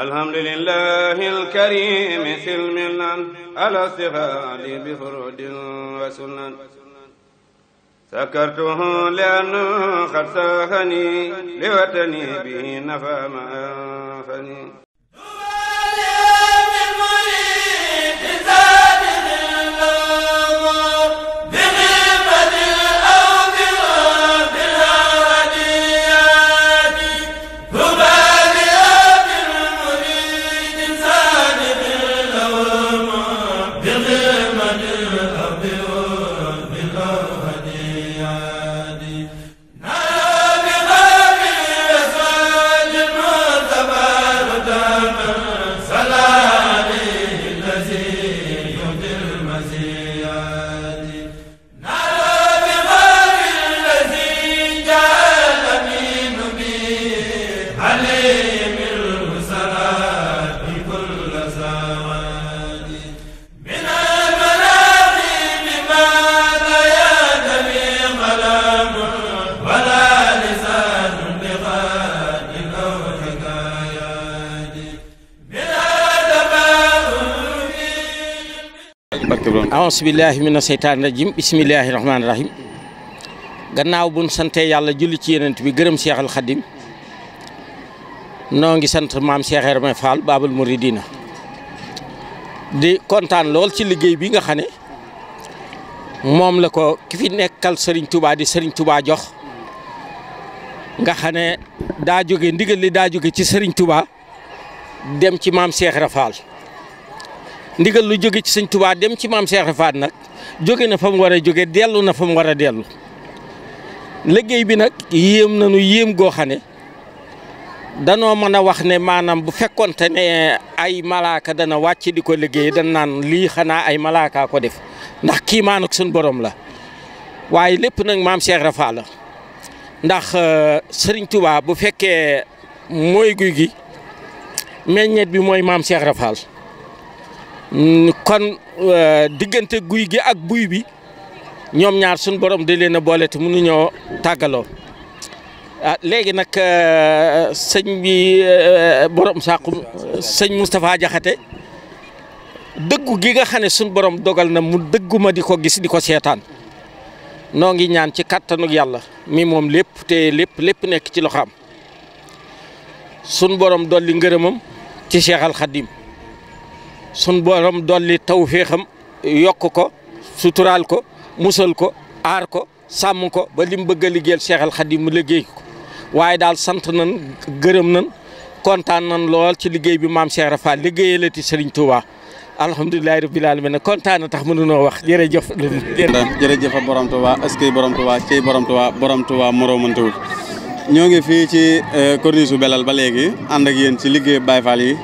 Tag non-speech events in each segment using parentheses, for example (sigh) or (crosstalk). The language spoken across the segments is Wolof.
الحمد لله الكريم سلم على استغال بفرود وسنن سكرته لأنه قد ساخني لوطني به نفى ما أنفني aousubillahi mina seytaani rajim bisimillahi rahmaani rahim gannaaw buñ sante yàlla julli ci yenent bi gërëm seexal xadim noo ngi sant maam Cheikh Hermé Fall Babul Mouridina di kontaan lool ci liggéey bi nga xam ne moom la ko ki fi nekkal sëriñ tubaa di sëriñ Touba jox nga xane daa jóge ndigal li daa jóge ci Serigne Touba dem ci maam Cheikh Hermé ndigal lu jóge ci sëñ Tuubaa dem ci maam Cheikh Faat nag jóge na fa mu war a jóge dellu na fa mu war a dellu liggéey bi nag yéem nañu yéem goo xane danoo mën a wax ne maanaam bu fekkonte ne ay malaaka dana wàcc di ko liggéey dan naan lii xanaa ay malaakaa ko def ndax kii maan ak suñ borom la waaye lépp nag maam Cheikh Rafa la ndax euh, Serigne Touba bu fekkee mooy guy gi meññeet bi mooy maam Cheikh Rafaal Mm, kon euh, diggante guy gi ak buy bi ñoom ñaar suñ borom da leen a boole te mënuñoo tàggaloo ah léegi nag euh, sëñ bi euh, borom Saxum sëñ Moustapha Diakhaté dëggu gi nga xam ne suñ borom dogal na mu dëgguma di ko gis di ko seetaan noo ngi ñaan ci kàttanug yàlla mi moom lépp te lépp lépp nekk ci loxo am suñ borom dolli ngërëmam ci Cheikh Al sun borom dolli tawféexam yokk ko suturaal ko musal ko aar ko sàmm ko ba lim bëgg a liggéeyal Cheikh Al Khadim mu liggéey ko waaye daal sant nan gërëm nan kontaan nan lool ci liggéey bi maam Cheikh Rafa liggéeyalati Serigne Touba alhamdulilah rabbil alamin kontaan na tax mënunoo wax jërëjëf. jërëjëf borom Touba askay borom Touba cey borom Touba borom Touba moromantewul ñoo ngi fi ci eh, corniche su Belal ba léegi ànd ak yéen ci liggéey Baye Fall yi.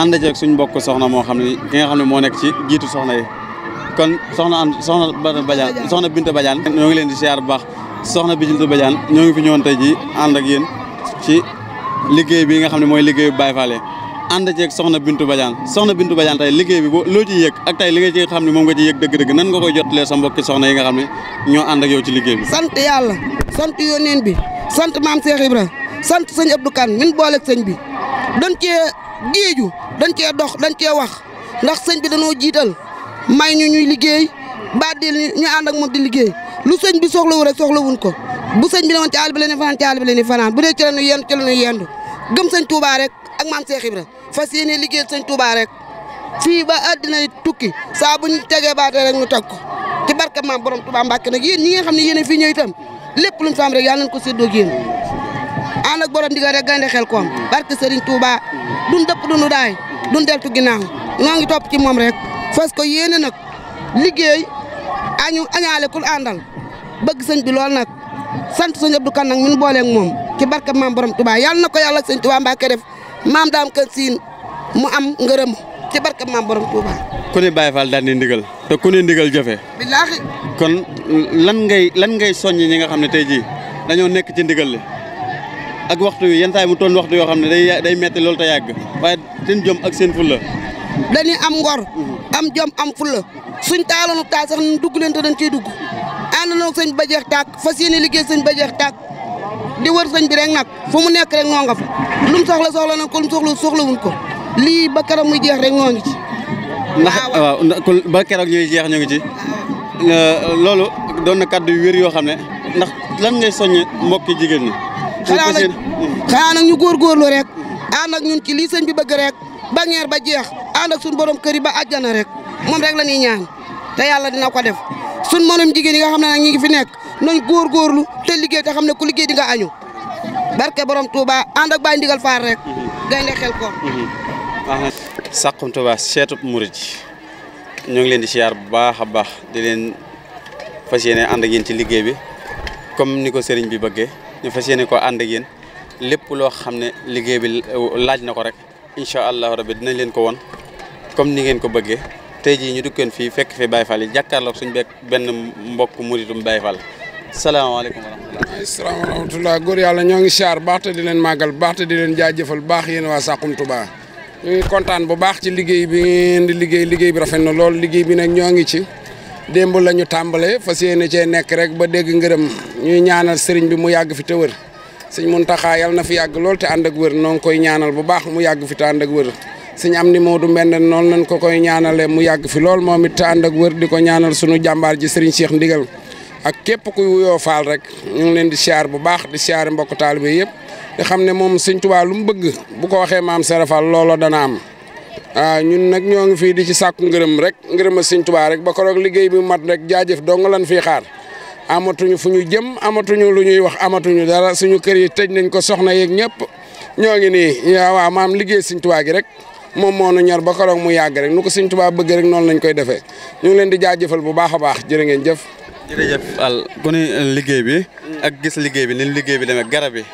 ànd ceeg suñ mbokk soxna moo xam ne ki nga xam ne moo nekk ci jiitu soxna yi kon soxna an soxna Badiane soxna Binta Badiane ñoo ngi leen di siyaar bu baax soxna Binta bajaan ñoo ngi fi ñëwoon tey jii ànd ak yéen ci liggéey bi nga xam ne mooy liggéey bu Baye Fall ànd ceeg soxna Bintu Badiane soxna Bintu Badiane tey liggéey bi boo loo ci yëg ak tey li nga ci xam ne moom nga ci yëg dëgg-dëgg nan nga koy jot jottalee sa mbokki soxna yi nga xam ne ñoo ànd ak yow ci liggéey bi sant yàlla sant yónneen bi sant maam Cheikh Ibra sant sëñ Abdou Kane min bi doon cee dañ cee dox dañ cee wax ndax sëñ bi dañoo jiital may ñu ñuy liggéey baat di ñu ànd ak moom di liggéey lu sëñ bi soxlawu rek soxlawuñ ko bu sëñ bi ne woon ci àll bi la ñuy fanaan ci bi leen ñuy fanaan bu dee ci la ñuy yendu ci la ñuy gëm sëñ Touba rek ak maam Cheikh Ibra fas yéene liggéeyal sëñ Touba rek fii ba àddina tukki saa bu ñu tegee baatee rek ñu tag ko ci barke maam borom Touba Mbàkke nag yéen ñi nga xam ne yéen a fi ñëw itam lépp luñ fa am rek yàlla nañ ko séddoo ak yéen ànd ak borom ndigal rek gaynde xel koom barke Serigne Touba duñ dëpp duñu daay duñ deltu ginnaaw noo ngi topp ci moom rek fas ko yéene nag liggéey añu añaale kul àndal bëgg sëñ bi lool nag sant sëñ du Kane nag min booleeg moom ki barke maam borom Touba yàlla na ko yàlla sëñ Touba Mbacke def maam daam kër siin mu am ngërëm ci barke maam borom Touba. ku ne Baye daan di ndigal te ku ne ndigal jafe. billaahi kon lan ngay lan ngay soññ ñi nga xam ne tey jii dañoo nekk ci ndigal li. ak waxtu wi yenn saa yi mu toll yoo xam ne day day metti loolu te yàgg waaye seen jom ak seen fulla dañuy am ngor mhm. am jom am fulla suñ taaloonu taal sax nun dugg leen te dañ ciy dugg ànd noog sëñ ba jeex tàkk fas yéene liggéey sëñ ba jeex tàkk di war sëñ bi rek nag fu mu nekk rek noo nga fa lu mu soxla soxla na ko lu mu soxla soxlawuñ ko lii ba keroog mu jeex rek noo ngi ndax waaw kon ba keroog ñuy jeex ñoo ci loolu doon na kàddu yu wér yoo xam ne ndax lan ngay soññ mbokki jigéen xanaa nag xanaa nag ñu rek ànd ak ñun ci lii sëñ bi bëgg rek ba ngeer ba jeex ànd ak suñu borom kër yi ba àjjana rek moom rek la ñuy ñaan te yàlla dina ko def suñu mënum jigéen yi nga xam ne nag ñu ngi fi nekk nañ góorgóorlu te liggéey te xam ne ku liggéey di nga añu barke borom Touba ànd ak Baye Ndigal rek gaynde xel ko Saxum Touba seetub murid ñoo ngi leen di siyaar bu baax a baax di leen fas yéene ànd ak ci liggéey bi comme ni ko sëriñ bi bëggee ñu fas yéene koo ànd ak yéen lépp loo xam ne liggéey bi laaj na ko rek incha allahu rabi dinañ leen ko woon comme ni ngeen ko bëggee te jii ñu dukkeen fii fekk fi Baye Fall yi jàkkaarloog suñu bekk benn mbokk muritum Baye Fall salaamaaleykum wa rahmatulah. salaam wa rahmatulah yàlla ñoo ngi siyaar baax te di leen màggal baax te di leen jaajëfal baax yéen waa Saxum Touba. ñu ngi kontaan bu baax ci liggéey bi ngeen di liggéey liggéey bi rafet na lool liggéey bi nag ñoo ngi ci. démb la ñu tàmbale fas yéene cee nekk rek ba dégg ngërëm ñuy ñaanal sëriñ bi mu yàgg fi te wër sëñ Muntaxa yal na fi yàgg lool te ànd wër noo koy ñaanal bu baax mu yàgg fi te ak wër sëñ Amdi Moodu Mbend noonu lañ ko koy ñaanalee mu yàgg fi lool moom it te ànd ak wër di ko ñaanal sunu jàmbaar ji sëriñ Cheikh Ndigal ak képp kuy wuyoo rek ñu ngi leen di siyaar bu baax di siyaare mbokk taalibe yëpp di xam ne moom sëñ Tuubaa lu mu bëgg bu ko waxee maam Serafal looloo dana am ah ñun nag ñoo ngi fii di ci sàkku ngërëm rek ngërëm a Sëñ rek ba koroog liggéey bi mat rek jaajëf dong lan fii xaar amatuñu fu ñu jëm amatuñu lu ñuy wax amatuñu dara suñu kër yi tëj nañ ko soxna yeeg ñëpp ñoo ngi nii waaw maam liggéey Sëñ Tuubaa gi rek moom moo nu ñor ba koroog mu yàgg rek nu ko Sëñ Tuubaa bëgg rek noonu lañ koy defee ñu ngi leen di jaajëfal bu baax a baax jërë ngeen jëf jërëjëf ku ne liggéey bi ak gis liggéey bi ni liggéey bi demee garab yi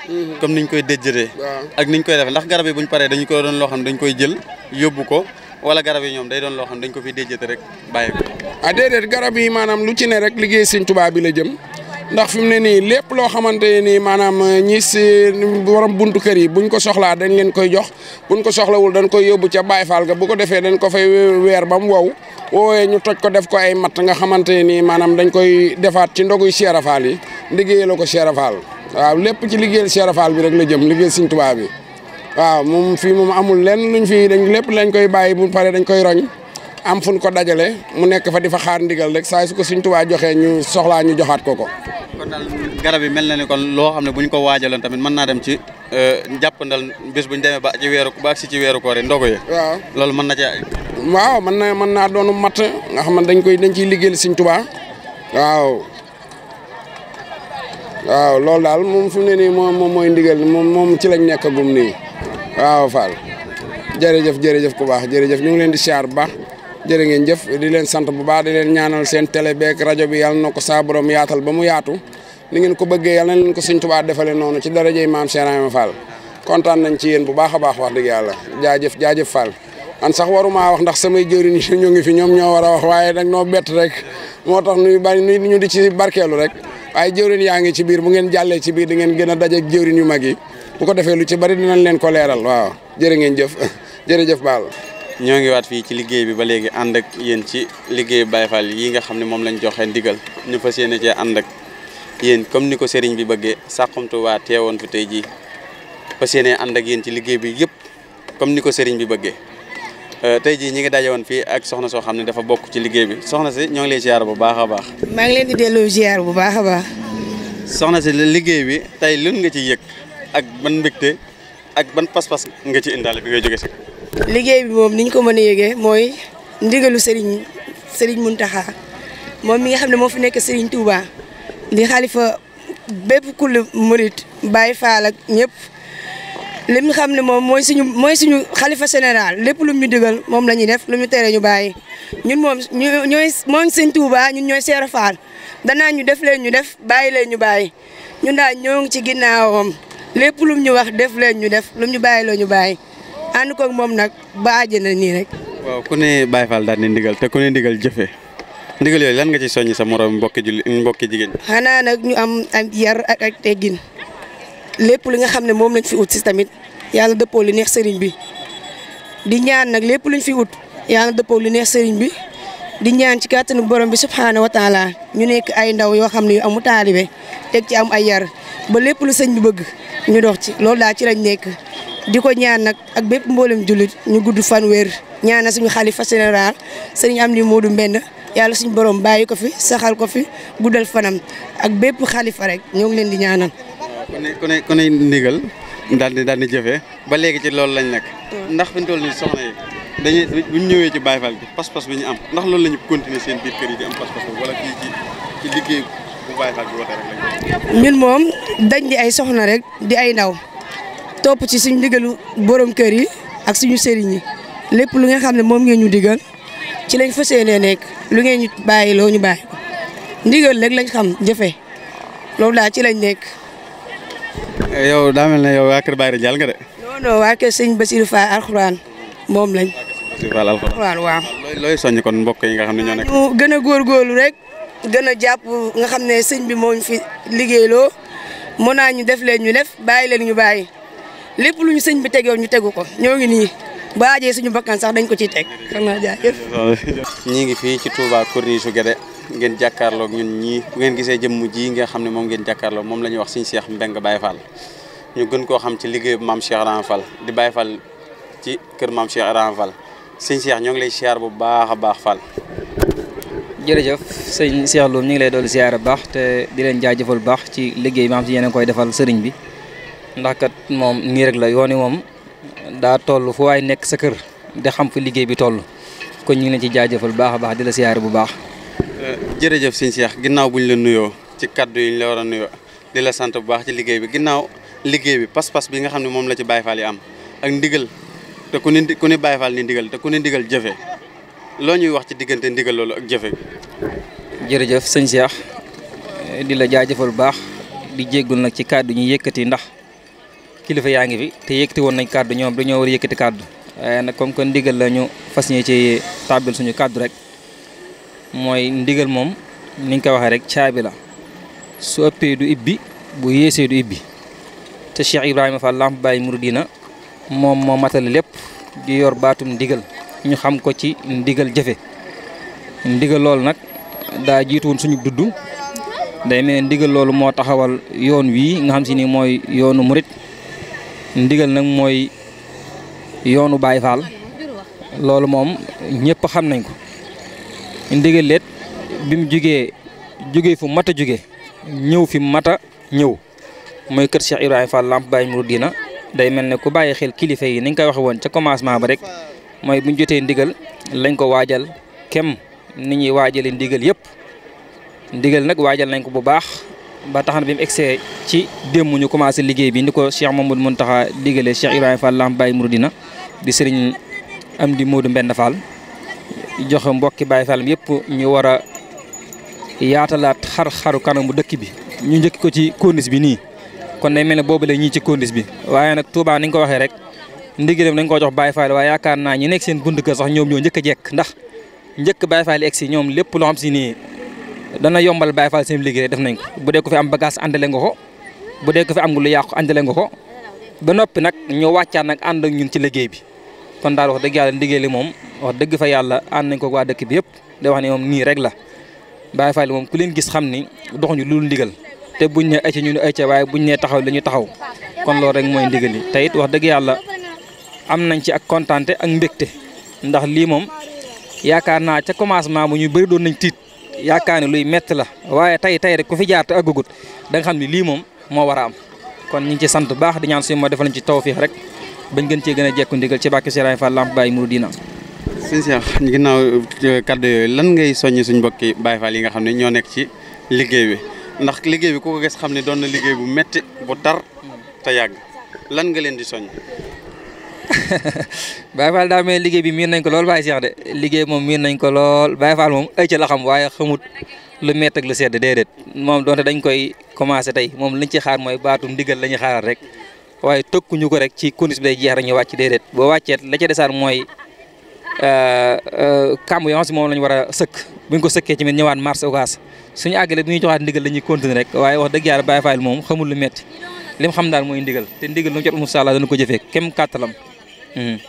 comme ni ñu koy déjjëree ak niñ koy defee ndax garab yi buñ paree dañu ko doon loo xam ne dañ koy jël yóbbu ko wala garab yi ñoom day doon loo xam ne dañ ko fi déjjate rek bàyyi ko ah déedéet garab yi maanaam lu ci ne rek liggéey sëñ tubaab bi la jëm ndax fi mu ne nii lépp loo xamante ne nii maanaam euh, ñi si borom bunt kër yi buñ ko soxlaa dañ leen koy jox buñ ko soxlawul dañ koy yóbbu ca Baay Faal ga bu ko defee dañ ko fay weer ba mu wow woowee ñu toj ko def ko ay matt nga xamante ne nii maanaam dañ koy defaat ci ndoguy Cheikh Fall yi liggéeyee la ko Cheikh Fall waaw lépp ci liggéey Cheikh Fall bi rek la jëm liggéey Sëñ Tuubaa bi waaw moom fii moom amul lenn luñ fi dañ lépp lañ koy bàyyi bu pare dañ koy roñ am fu ko dajale mu nekk fa di fa xaar ndigal rek saa su ko Sëriñ Tuubaa joxee ñu soxlaa ñu joxaat ko ko. kon garab yi mel na ni kon loo xam ne buñ ko waajaloon tamit mën naa dem ci euh, jàppandal bés bu ñu demee ba ci weeru ba si ci weeru koor yi ndogu yi. waaw loolu mën na ci waaw mën na mën naa doonu matt nga xam ne dañ koy dañ ciy liggéeyal Sëriñ Tuubaa waaw. waaw loolu daal moom fu mu ne nii moom moom mooy ndigal moom moom ci lañ nekkagum nii waaw Fall jërëjëf jërëjëf ku baax jërëjëf ñu ngi leen di siyaar bu baax jërë jëf di leen sant bu baax di leen ñaanal seen télé beeg rajo bi yàlla na ko saa borom yaatal ba mu yaatu ni ngeen ko bëggee yàlla ko Sëñ Tuubaa noonu ci darajey maam Cheikh Fall kontaan nañ ci yéen bu baax a baax wax dëgg yàlla jaajëf jaajëf an sax waruma wax ndax samay jëriñ yi (laughs) ñoo ngi fi ñoom ñoo war wax waaye nag noo bett rek moo tax nuy bari ñu di ci barkeelu rek waaye jëwrin yaa ngi ci biir bu ngeen jàllee ci biir di ngeen gën a dajeeg jëwrin yu mag yi bu ko defee lu ci bari dinañ leen ko leeral waaw jërë ngeen jëf (laughs) jërëjëf baal ñoo ngi waat fii ci liggéey bi ba léegi ànd ak yéen ci liggéey Baye Fall yi nga xam ne moom lañ joxe ndigal ñu fas yéene cee ànd yéen comme ni ko sëriñ bi bëggee Saxum Touba teewoon tey jii fas yéene ànd ak yéen ci liggéey bi yëpp comme ni ko sëriñ bi bëggee euh, tey jii ñu ngi daje woon fii ak soxna soo xam ne dafa bokk ci liggéey bi soxna si ñoo ngi lay ziar bu baax a baax. maa ngi leen di delloo ziar bu baax a baax. soxna si liggéey bi tey lun nga ci yëg ak ban mbégte ak ban pas-pas nga ci indaale bi ngay jóge si. liggéey bi moom ni ñu ko mën a yëgee mooy ndigalu Serigne mun taxaar moom mi nga xam ne moo fu nekk Serigne Touba di xalifa bépp kulli murit Baye Fall ak ñëpp li mu xam ne moom mooy suñu mooy suñu xalifa général lépp lu mu ñu digal moom la ñuy def lu ñu tere ñu bàyyi ñun moom ñu ñooy mooy Serigne Touba ñun ñooy Serigne Fall danaa ñu def leen ñu def bàyyi leen ñu bàyyi ñun daal ñoo ngi ci ginnaawam lépp lu mu ñu wax def leen ñu def lu ñu bàyyi loo ñu bàyyi. ànd koog moom nag ba àjjana nii rek. waaw ku ne Baye Fall daal di ndigal te ku ne ndigal jëfe ndigal yooyu lan nga ci soññi sa morom mbokki julli jigéen xanaa nag ñu am am yar ak ak teggin lépp li nga xam ne moom lañ fi ut si tamit yàlla dëppoo li neex sëriñ bi di ñaan nag lépp luñ fi ut yàlla dëppoo li neex sëriñ bi di ñaan ci kàttanu borom bi subhaana wa taala ñu nekk ay ndaw yoo xam ne yu amu taalibe teg ci am ay yar ba lépp lu sëñ bi bëgg ñu dox ci loolu daal ci lañ nekk. di ko ñaan nag ak bépp mboolem jullit ñu gudd fan wér ñaanal suñu xalifa général sëriñ Amdi Modou mbenn yàlla suñu boroom bàyyi ko fi saxal ko fi guddal fanam ak bépp xalifa rek ñoo ngi leen di ñaanal. ku ne ku ne ndigal daal di daal di jëfee ba léegi ci loolu lañ nekk. ndax fi ñu toll nii soxna yi dañuy bu ñëwee ci Baye Fall bi pas-pas bi ñu am ndax loolu la ñu continuer seen biir kër yi di am pas-pas wala fii ci ci liggéey bu Baye Fall bi woote rek moom dañ di ay soxna rek di ay ndaw. topp ci suñ ndigalu borom kër yi ak suñu sëriñ yi lépp lu nga xam ne moom ngeen ñu digal ci lañ fas yéenee nekk lu ngeen ñu bàyyi loo ñu bàyyi ko lañ xam jëfee loolu daal ci lañ nekk. yow daa mel ne yow waa Kër Baye Ridial moom lañ. alxuraan waaw. looy kon mbokk yi nga xam ne ñoo nekk. ñu gën a góor góorlu rek gën a jàpp nga xam ne sëñ bi moo ñu fi liggéeyloo mën naa ñu def leen ñu def bàyyi leen ñu bàyyi. lépp lu ñu sëñ bi tegoon ñu tegu ko ñoo ngi nii ba ajee suñu bakkan sax dañ ko ciy teg xam naa jaajëf (laughs) ñi ngi fii ci Touba corniche su Guédé ngeen jàkkaarloog ñun ñi bu ngeen gisee jëmm ji nga xam ne moom ngeen jàkkaarloog moom la ñuy wax Sëñ Cheikh Mbengue Baye fal ñu gën koo xam ci liggéey maam Cheikh Ibra Fall di Baye Fall ci kër maam Cheikh sëñ Cheikh ñoo ngi lay siyaar bu baax a baax Fall jërëjëf sëñ Cheikh Loum ñu ngi lay doolu siyaar bu baax te di leen jaajëfal bu baax ci liggéey bi nga xam a koy defal sëriñ bi ndax moom nii rek la yoon wi moom daa toll fu waaye nekk sa kër de xam fa liggéey bi toll kon ñu ngi leen ci jaajëfal baax a baax di la siyaare bu baax. Eh, jërëjëf sëñ Cheikh ginnaaw bu ñu la nuyoo ci kaddu yi la war a nuyoo di la sant bu baax ci liggéey bi ginnaaw liggéey bi pas-pas bi nga xam ne moom la ci Baye Fall am ak ndigal te ku ni ku ni Baye Fall ni ndigal te ku ndigal jëfe loo ñuy wax ci diggante ndigal loolu ak jëfe jërëjëf sëñ di la jaajëfal bu baax di jéggul nag ci kaddu ñu yëkkati ndax. kilifa yaa ngi fi te yëkkati woon nañ kàddu ñoom dañoo war a yëkkati kàddu waaye eh, nag comme que ndigal la ñu fas ñee ci tàbbil suñu kàddu rek mooy ndigal moom niñ ko waxee rek caabi la su ëppee du ibbi bu yéesee du te Cheikh Ibrahima Fall Lamp Baye Mouridina moom moo matal lépp di yor baatum ndigal ñu xam ko ci ndigal jëfe ndigal loolu nag daa jiitu woon suñu dudd day mel ndigal loolu moo taxawal yoon wii nga xam si ni mooy yoonu murit ndigal nag mooy yoonu Baye Fall loolu moom ñëpp xam nañ ko ndigal leet bi mu jógee jugee fu mat a jugee ñëw fi mat a ñëw mooy kër Cheikh Ibrahima Fall Lamp Baye Mouridina day mel ne ku bàyyi xel kilifa yi ni koy waxe woon ca commencement ba rek mooy bu ñu jotee ndigal lañ ko waajal kem ni ñuy waajale ndigal yëpp ndigal nag waajal nañ ko bu baax. ba tax bi mu egsee ci démb ñu commencé liggéey bi ni ko Cheikh Mamadou Mountakha digalee Cheikh Ibrahima Fall bay Baye Mouridina di sëriñ am di Modou Mbend Fall joxe mbokki bay Fall yëpp ñu war a yaatalaat xar-xaru kanamu dëkk bi. ñu njëkk ko ci corniche bi nii kon day mel ne boobu la ñii ci corniche bi waaye nag Touba ni nga ko waxee rek ndigalam dañ koo jox Baye Fall waaye yaakaar naa ñi nekk seen bunt kër sax ñoom ñoo njëkk a jekk ndax njëkk Baye Fall egsi ñoom lépp loo xam si nii dana yombal Baye Fall seen liggéey def nañ ko bu dee ko fi am bagage àndale nga ko bu dee ko fi am lu yàqu àndale nga ko ba noppi nag ñoo wàccaan nag ànd ak ñun ci liggéey bi kon daal wax dëgg yàlla liggéey moom wax dëgg fa yàlla ànd nañ ko waa dëkk bi yëpp day wax ne moom nii rek la Baye Fall moom ku leen gis xam ni dox doxuñu lu ndigal te buñ ne ayca ñu ne ayca waaye buñ ne taxaw la taxaw kon loolu rek mooy ndigal yi te it wax dëgg yàlla am nañ ci ak kontaante ak mbégte ndax lii moom yaakaar naa ca commencement bu ñu yaakaar ne luy metti la waaye tey tey rek ku fi jaar te aggugut da nga xam ne lii moom moo war a am kon ñu ngi ci sant baax di ñaan suñu ma defal ñu ci tawfiix rek bañ gën cee gën a jekku ndigal ci bàkki Serigne Fall Lamp Baye Mouridina sëñ Cheikh ginnaaw euh, kaddu yooyu lan ngay soññ suñ mbokki Baye Fall yi nga xam ne ñoo nekk ci liggéey bi ndax liggéey bi ku ko gis xam ne doon na liggéey bu metti bu tar te yàgg lan nga leen di soñ (laughs) Baye Fall daa mel liggéey bi miin nañ ko lool Baye Cheikh de liggéey moom miin nañ ko lool Baye Fall moom ay ci la xam waaye xamut lu mett ak lu sedd déedéet moom donte dañ koy commencé tey moom liñ ci xaar mooy baatu ndigal la ñuy xaaral rek waaye tëkkuñu ko rek ci condition bi day jeex rek ñu boo wàcceet la ca desaar mooy euh, euh, kàmb yoo war a sëkk ko sëkkee ci mit ñëwaat marché ogas suñu àggale bu ñuy joxaat la ñuy continuer waaye wax dëgg yàlla Baye Fall moom xamul lu metti lim xam daal mooy ndigal te ndigal lu mu jot mu sàlla dana ko jëfee kem kàttalam Hmm.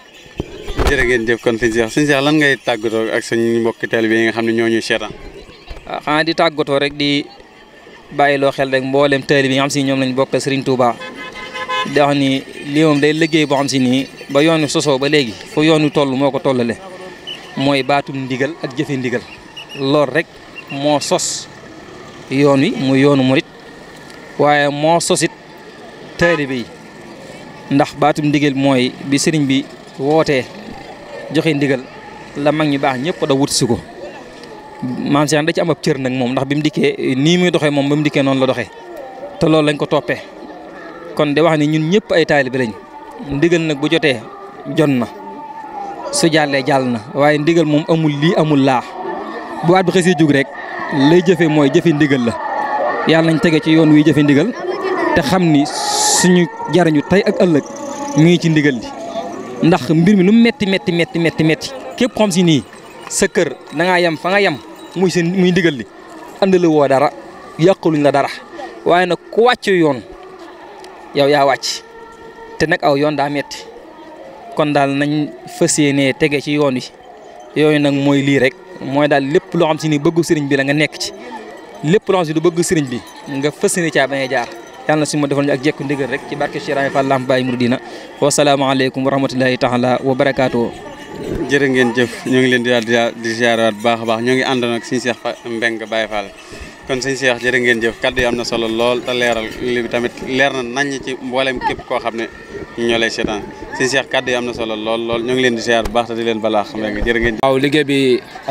jërë ngeen jëf kon sëñ Cheikh sëñ Cheikh lan ngay tàggatoo ak suñu mbokki taalibe yi nga xam ne ñoo ñuy seetaan. waaw ah, xanaa di tàggatoo rek di bàyyiloo xel rek mboolem taalibe yi nga xam si ñoom lañ bokk Serigne Touba. di wax ni lii moom day liggéey boo xam si nii ba yoonu sosoo ba léegi fu yoonu toll moo ko tollale mooy baatum ndigal ak jëfe ndigal lool rek moo sos yoon wi muy yoonu murit waaye moo sosit taalibe ndax baatum ndigal mooy bi sëriñ bi wootee joxe ndigal la mag ñi baax ñëpp da wut si ko maam Cheikh da ci am ab cër nag moom ndax bi mu dikkee nii muy doxee moom ba mu dikkee noonu la doxee te loolu lañ ko toppee kon de wax ni ñun ñëpp ay taalibe lañ ndigal nag bu jotee jot na su jàllee jàll na waaye ndigal moom amul lii amul laa bu waat bi xasee jug rek lay jëfe mooy jëfe ndigal la yàlla nañ tege ci yoon wi jëfe ndigal te xam ni suñu jariñu tey ak ëllëg mu ngi ci ndigal li ndax mbir mi nu metti metti metti metti metti képp xam si nii sa kër da ngaa yem fa nga yem muy muy ndigal li ànd dara yàqaluñ la dara waaye nag ko wàcc yoon yow yaa wàcc te nag aw yoon daa metti kon daal nañ fas yéenee tege ci yoon wi yooyu nag mooy lii rek mooy daal lépp loo xam si ni bëggu sëriñ bi la nga nekk ci lépp loo si du bëgg sëriñ bi nga fas yéene caa bañ a jaar yàlla si su ma defal ak jekku ndigal rek ci barke Cheikh Ibra Fall Lamp Baye Mouridina wa salaamu aleykum wa rahmatullahi taala wa barakaatu jërë ngeen jëf ñoo ngi leen di daal di ziarewaat bu baax a baax ñoo ngi àndoon ak suñu Cheikh Mbeng Baye Fall kon sëñ Cheikh jërë ngeen jëf kàddu yi am na solo lool te leeral li tamit leer na naññ ci mboolem képp koo xam ne ñoo lay seetaan sëñ Cheikh kàddu yi am na solo lool lool ñu ngi leen di ziar bu baax te di leen balaa xam nga jërë ngeen jëf waaw liggéey bi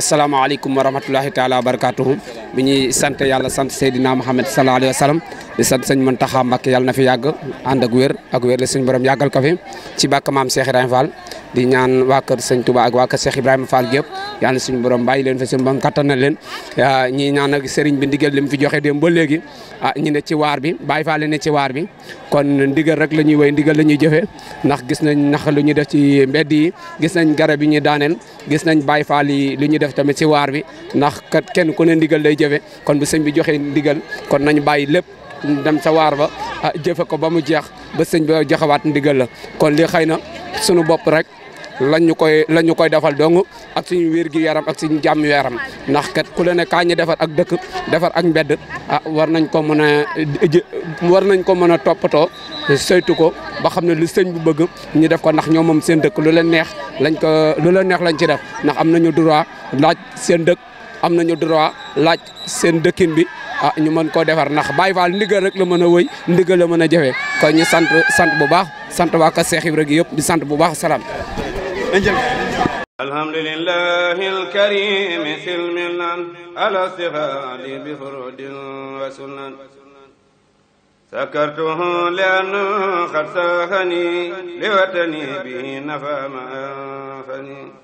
asalaamaaleykum wa rahmatulahi taala wa barakatuhu bi ñuy sant yàlla sant Seydina Muhammad sallallahu alayhi wa sallam di sant sëñ Mountakha Mbacké yàlla na fi yàgg ànd ak wér ak fi ci bàkk di ñaan waa kër sëñ Touba ak waa kër Cheikh Ibrahima Fall gépp yàlla suñu borom bàyyi leen fa suñu borom kattan na leen ah, ñi ñaan ak bi ndigal li mu fi joxe dem ba léegi a ah, ñu ne ci waar bi bàyyi faale ne ci waar bi kon ndigal rek la ñuy woy ndigal la ñuy jëfe ndax gis nañ nax lu ñu def ci mbedd yi gis nañ garab yi ñu daaneel gis nañ bàyyi faal yi lu ñu def tamit ci waar bi ndax kat kenn ku ne ndigal lay jëfe kon sëñ bi joxe ndigal kon nañ bàyyi lépp dem sa waar ba ah jëfe ko ba mu jeex ba sëñ ba joxewaat ndigal la kon li xëy na sunu bopp rek lañ ñu koy lañ ñu koy defal dong ak suñu wér gi yaram ak suñu jàmm yaram ndax kat ku la ne kaa ñu defar ak dëkk defar ak mbedd ah war nañ ko mën a war nañ ko mën a toppatoo saytu ko ba xam ne lu sëñ bu bëgg ñu def ko ndax ñoom moom seen dëkk lu leen neex lañ ko lu leen neex lañ ci def ndax am nañu droit laaj seen dëkk am nañu droit laaj seen dëkkin bi a ah ñu mën koo defar ndax Baye Fall ndigal rek la mën a wëy ndigal la mën a jafe kon ñu sant sant bu baax sant waa ka Seex rek gi yëpp di sant bu baax salaam. الحمد لله الكريم سلمنا على صغار بفرد وسنن سكرته لأنه قد ساهني لوطني به نفى ما أنفني